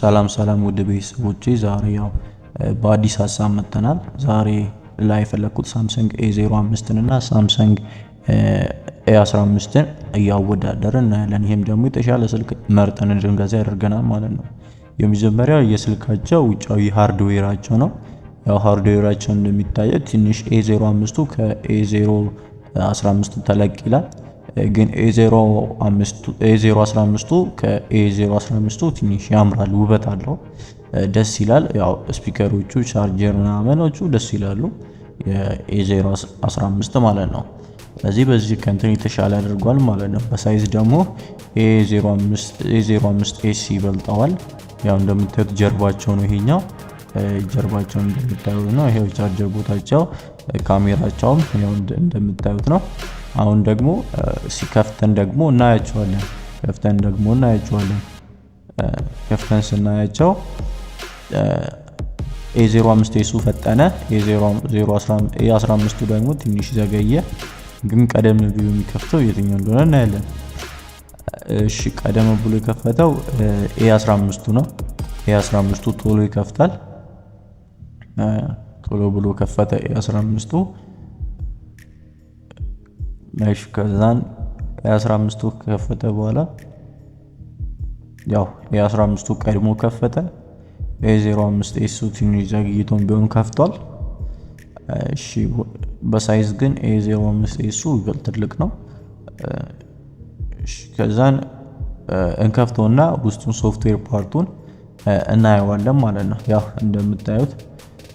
ሰላም ሰላም ውድ ቤተሰቦቼ ዛሬ ያው በአዲስ ሀሳብ መጥተናል። ዛሬ ላይ የፈለግኩት ሳምሰንግ ኤ 05 እና ሳምሰንግ ኤ 15 እያወዳደር እያወዳደርን እናያለን። ይህም ደግሞ የተሻለ ስልክ መርጠን እንድንገዛ ያደርገናል ማለት ነው። የመጀመሪያው የስልካቸው ውጫዊ ሃርድዌራቸው ነው። ያው ሃርድዌራቸው እንደሚታየው ትንሽ ኤ05ቱ ከኤ015 ተለቅ ይላል። ግን ኤ015ቱ ከኤ015ቱ ትንሽ ያምራል፣ ውበት አለው፣ ደስ ይላል። ያው ስፒከሮቹ ቻርጀር ምናምኖቹ ደስ ይላሉ፣ የኤ015 ማለት ነው። ስለዚህ በዚህ ከንትን የተሻለ አድርጓል ማለት ነው። በሳይዝ ደግሞ ኤ05 ኤሲ ይበልጠዋል። ያው እንደምታዩት ጀርባቸው ነው ይሄኛው ጀርባቸውን እንደምታዩት ነው። ይሄው ቻርጀር ቦታቸው ካሜራቸውም ይሄው እንደምታዩት ነው። አሁን ደግሞ ሲከፍተን ደግሞ እናያቸዋለን። ከፍተን ደግሞ እናያቸዋለን። ከፍተን ስናያቸው ኤ05 ሱ ፈጠነ፣ ኤ15ቱ ደግሞ ትንሽ ዘገየ። ግን ቀደም ብሎ የሚከፍተው የትኛው እንደሆነ እናያለን። እሺ ቀደም ብሎ የከፈተው ኤ15ቱ ነው። ኤ15ቱ ቶሎ ይከፍታል። ቶሎ ብሎ ከፈተ። የ15ቱ ሽ ከዛን የ15ቱ ከፈተ በኋላ ያው የ15ቱ ቀድሞ ከፈተ። የ05 ሱ ትንሽ ዘግይቶም ቢሆን ከፍቷል። በሳይዝ ግን የ05 ሱ ይበል ትልቅ ነው። ከዛን እንከፍተውና ውስጡን ሶፍትዌር ፓርቱን እናየዋለን ማለት ነው። ያው እንደምታዩት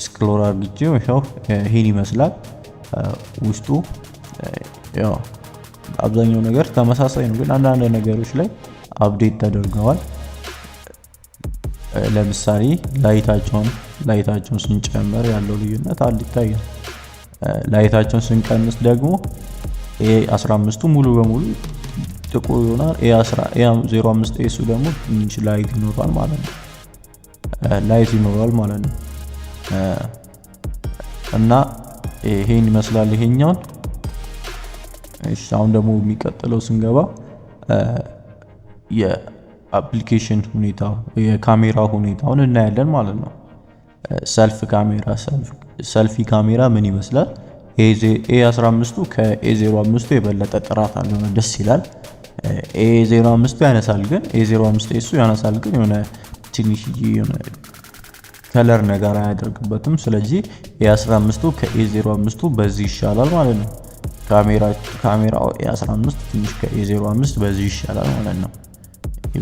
ስክሎር አድርጌው ያው ይሄን ይመስላል። ውስጡ ያው አብዛኛው ነገር ተመሳሳይ ነው፣ ግን አንዳንድ ነገሮች ላይ አፕዴት ተደርገዋል። ለምሳሌ ላይታቸውን ላይታቸውን ስንጨምር ያለው ልዩነት አንድ ይታያል። ላይታቸውን ስንቀንስ ደግሞ ኤ 15ቱ ሙሉ በሙሉ ጥቁር ይሆናል። ኤ 05 ኤሱ ደግሞ ትንሽ ላይት ይኖራል ማለት ነው ላይት ይኖራል ማለት ነው። እና ይሄን ይመስላል ይሄኛውን። እሺ አሁን ደግሞ የሚቀጥለው ስንገባ የአፕሊኬሽን ሁኔታ የካሜራ ሁኔታውን እናያለን ማለት ነው። ሰልፍ ካሜራ ሰልፊ ካሜራ ምን ይመስላል? ኤ15ቱ ከኤ05ቱ የበለጠ ጥራት አለው ነው ደስ ይላል። ኤ05ቱ ያነሳል ግን ኤ05 ሱ ያነሳል ግን የሆነ ትንሽ የሆነ ከለር ነገር አያደርግበትም። ስለዚህ የ15ቱ ከኤ05 በዚህ ይሻላል ማለት ነው። ካሜራው የ15 ትንሽ ከኤ05 በዚህ ይሻላል ማለት ነው።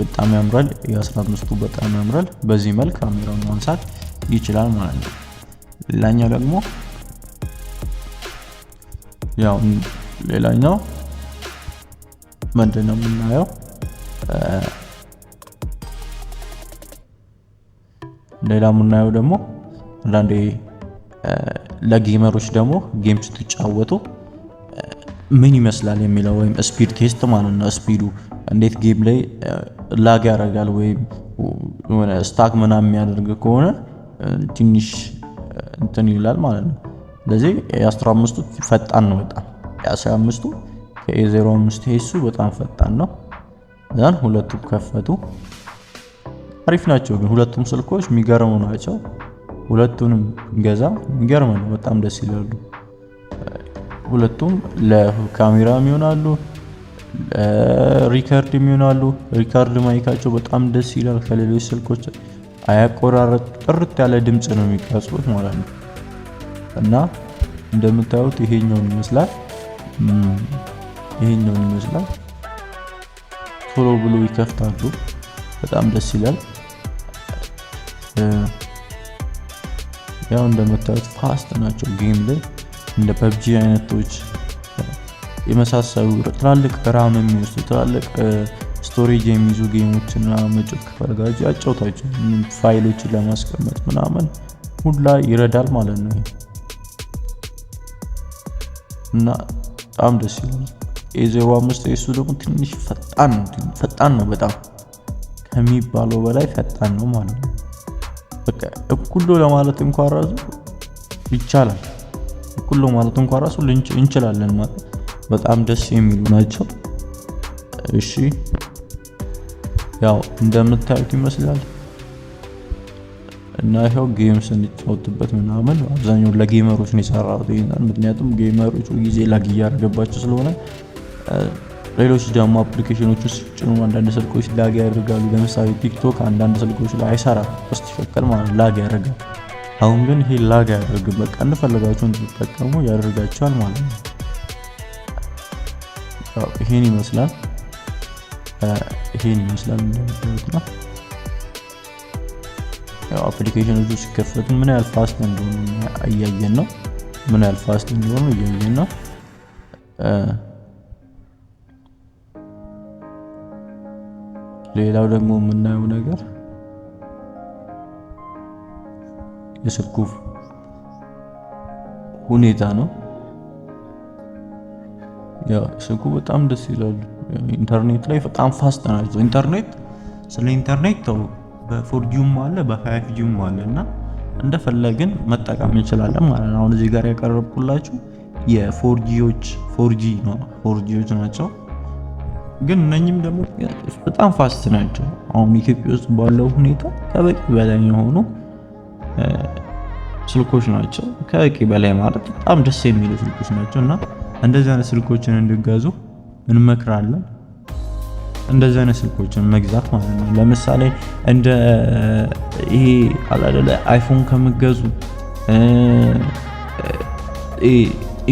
በጣም ያምራል። የ15ቱ በጣም ያምራል። በዚህ መልክ ካሜራውን ማንሳት ይችላል ማለት ነው። ሌላኛው ደግሞ ያው ሌላኛው ምንድነው የምናየው ሌላ የምናየው ደግሞ አንዳንዴ ለጌመሮች ደግሞ ጌም ስትጫወቱ ምን ይመስላል የሚለው ወይም ስፒድ ቴስት ማለት ነው። ስፒዱ እንዴት ጌም ላይ ላግ ያደርጋል ወይም ስታክ ምናምን የሚያደርግ ከሆነ ትንሽ እንትን ይላል ማለት ነው። ስለዚህ የ15ቱ ፈጣን ነው በጣም የ15ቱ ከኤ05 ሄሱ በጣም ፈጣን ነው። ዛን ሁለቱ ከፈቱ አሪፍ ናቸው ግን ሁለቱም ስልኮች የሚገርሙ ናቸው። ሁለቱንም ገዛ የሚገርም ነው። በጣም ደስ ይላሉ። ሁለቱም ለካሜራ የሚሆናሉ፣ ሪከርድ የሚሆናሉ። ሪከርድ ማይካቸው በጣም ደስ ይላል። ከሌሎች ስልኮች አያቆራረጥ ጥርት ያለ ድምፅ ነው የሚቀርጹት ማለት ነው። እና እንደምታዩት ይሄኛውን ይመስላል ይሄኛውን ይመስላል። ቶሎ ብሎ ይከፍታሉ። በጣም ደስ ይላል። ያው እንደምታዩት ፋስት ናቸው ጌም ላይ እንደ ፐብጂ አይነቶች የመሳሰሉ ትላልቅ ራም የሚወስዱ ትላልቅ ስቶሬጅ የሚይዙ ጌሞችና መጮት ከፈለጋችሁ ያጫውታችሁ ፋይሎችን ለማስቀመጥ ምናምን ሁላ ይረዳል ማለት ነው። እና በጣም ደስ ይላል። የዜሮ አምስት የሱ ደግሞ ትንሽ ፈጣን ነው። ፈጣን ነው በጣም ከሚባለው በላይ ፈጣን ነው ማለት ነው። በቃ እኩሎ ለማለት እንኳን ራሱ ይቻላል። እኩሎ ማለት እንኳን ራሱ እንችላለን ማለት በጣም ደስ የሚሉ ናቸው። እሺ ያው እንደምታዩት ይመስላል እና ይኸው ጌም ስንጫወትበት ምናምን አብዛኛውን ለጌመሮች ነው የሰራሁት ይሄንን። ምክንያቱም ጌመሮቹ ጊዜ ላግ እያደረገባቸው ስለሆነ ሌሎች ደግሞ አፕሊኬሽኖች ውስጥ ጭኑ አንዳንድ ስልኮች ላግ ያደርጋሉ። ለምሳሌ ቲክቶክ አንዳንድ ስልኮች ላይ አይሰራ ውስጥ ስትሸቀል ማለት ላግ ያደርጋል። አሁን ግን ይሄ ላግ አያደርግም። በቃ እንደፈለጋችሁ እንድትጠቀሙ ያደርጋቸዋል ማለት ነው። ይሄን ይመስላል ይሄን ይመስላል እንደምታዩት ነው። ያው አፕሊኬሽኖቹ ሲከፈቱ ምን ያህል ፋስት እንደሆኑ እያየን ነው። ምን ያህል ፋስት እንደሆኑ እያየን ነው። ሌላው ደግሞ የምናየው ነገር የስልኩ ሁኔታ ነው። ያ ስልኩ በጣም ደስ ይላል ኢንተርኔት ላይ በጣም ፋስት ናቸው። ኢንተርኔት ስለ ኢንተርኔት ተው በፎርጂውም አለ በፋይቭጂውም አለ እና እንደፈለግን መጠቀም እንችላለን ማለት ነው። አሁን እዚህ ጋር ያቀረብኩላችሁ የፎርጂዎች ፎርጂ ነው ፎርጂዎች ናቸው። ግን እነኝም ደግሞ በጣም ፋስት ናቸው። አሁን ኢትዮጵያ ውስጥ ባለው ሁኔታ ከበቂ በላይ የሆኑ ስልኮች ናቸው። ከበቂ በላይ ማለት በጣም ደስ የሚሉ ስልኮች ናቸው እና እንደዚህ አይነት ስልኮችን እንዲገዙ እንመክራለን። እንደዚህ አይነት ስልኮችን መግዛት ማለት ነው። ለምሳሌ እንደ ይሄ አላደለ አይፎን ከምገዙ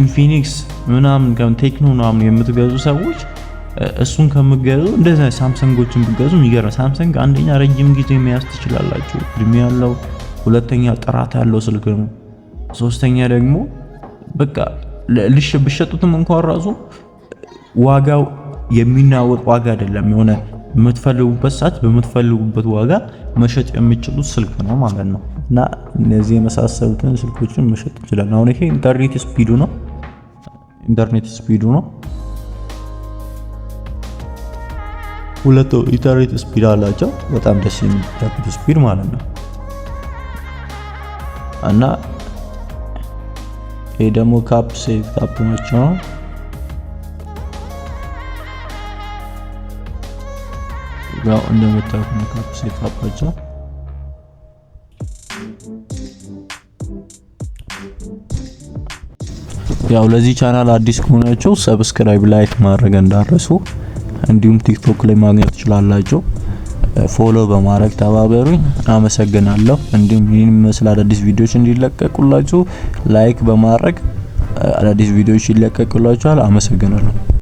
ኢንፊኒክስ ምናምን ቴክኖ ምናምን የምትገዙ ሰዎች እሱን ከምገዙ እንደዛ ሳምሰንጎችን ብገዙ የሚገርም ሳምሰንግ አንደኛ ረጅም ጊዜ መያዝ ትችላላችሁ፣ እድሜ ያለው ሁለተኛ ጥራት ያለው ስልክ ነው። ሶስተኛ ደግሞ በቃ ልሽ ብሸጡትም እንኳን ራሱ ዋጋው የሚናወጥ ዋጋ አይደለም። የሆነ የምትፈልጉበት ሰዓት በምትፈልጉበት ዋጋ መሸጥ የምችሉት ስልክ ነው ማለት ነው። እና እነዚህ የመሳሰሉትን ስልኮችን መሸጥ እንችላለን። አሁን ይሄ ኢንተርኔት ስፒዱ ነው ኢንተርኔት ስፒዱ ነው ሁለት ኢተሬት ስፒድ አላቸው። በጣም ደስ የሚጠብቅ ስፒድ ማለት ነው እና ይህ ደግሞ ካፕ ሴቭ ካፕ ናቸው ነው ያው እንደምታዩት ነው ካፕ ሴቭ ካፕ ናቸው። ያው ለዚህ ቻናል አዲስ ከሆናችሁ ሰብስክራይብ ላይክ ማድረግ እንዳረሱ እንዲሁም ቲክቶክ ላይ ማግኘት ትችላላችሁ። ፎሎ በማድረግ ተባበሩኝ። አመሰግናለሁ። እንዲሁም ይህን መስል አዳዲስ ቪዲዮዎች እንዲለቀቁላችሁ ላይክ በማድረግ አዳዲስ ቪዲዮዎች ይለቀቁላችኋል። አመሰግናለሁ።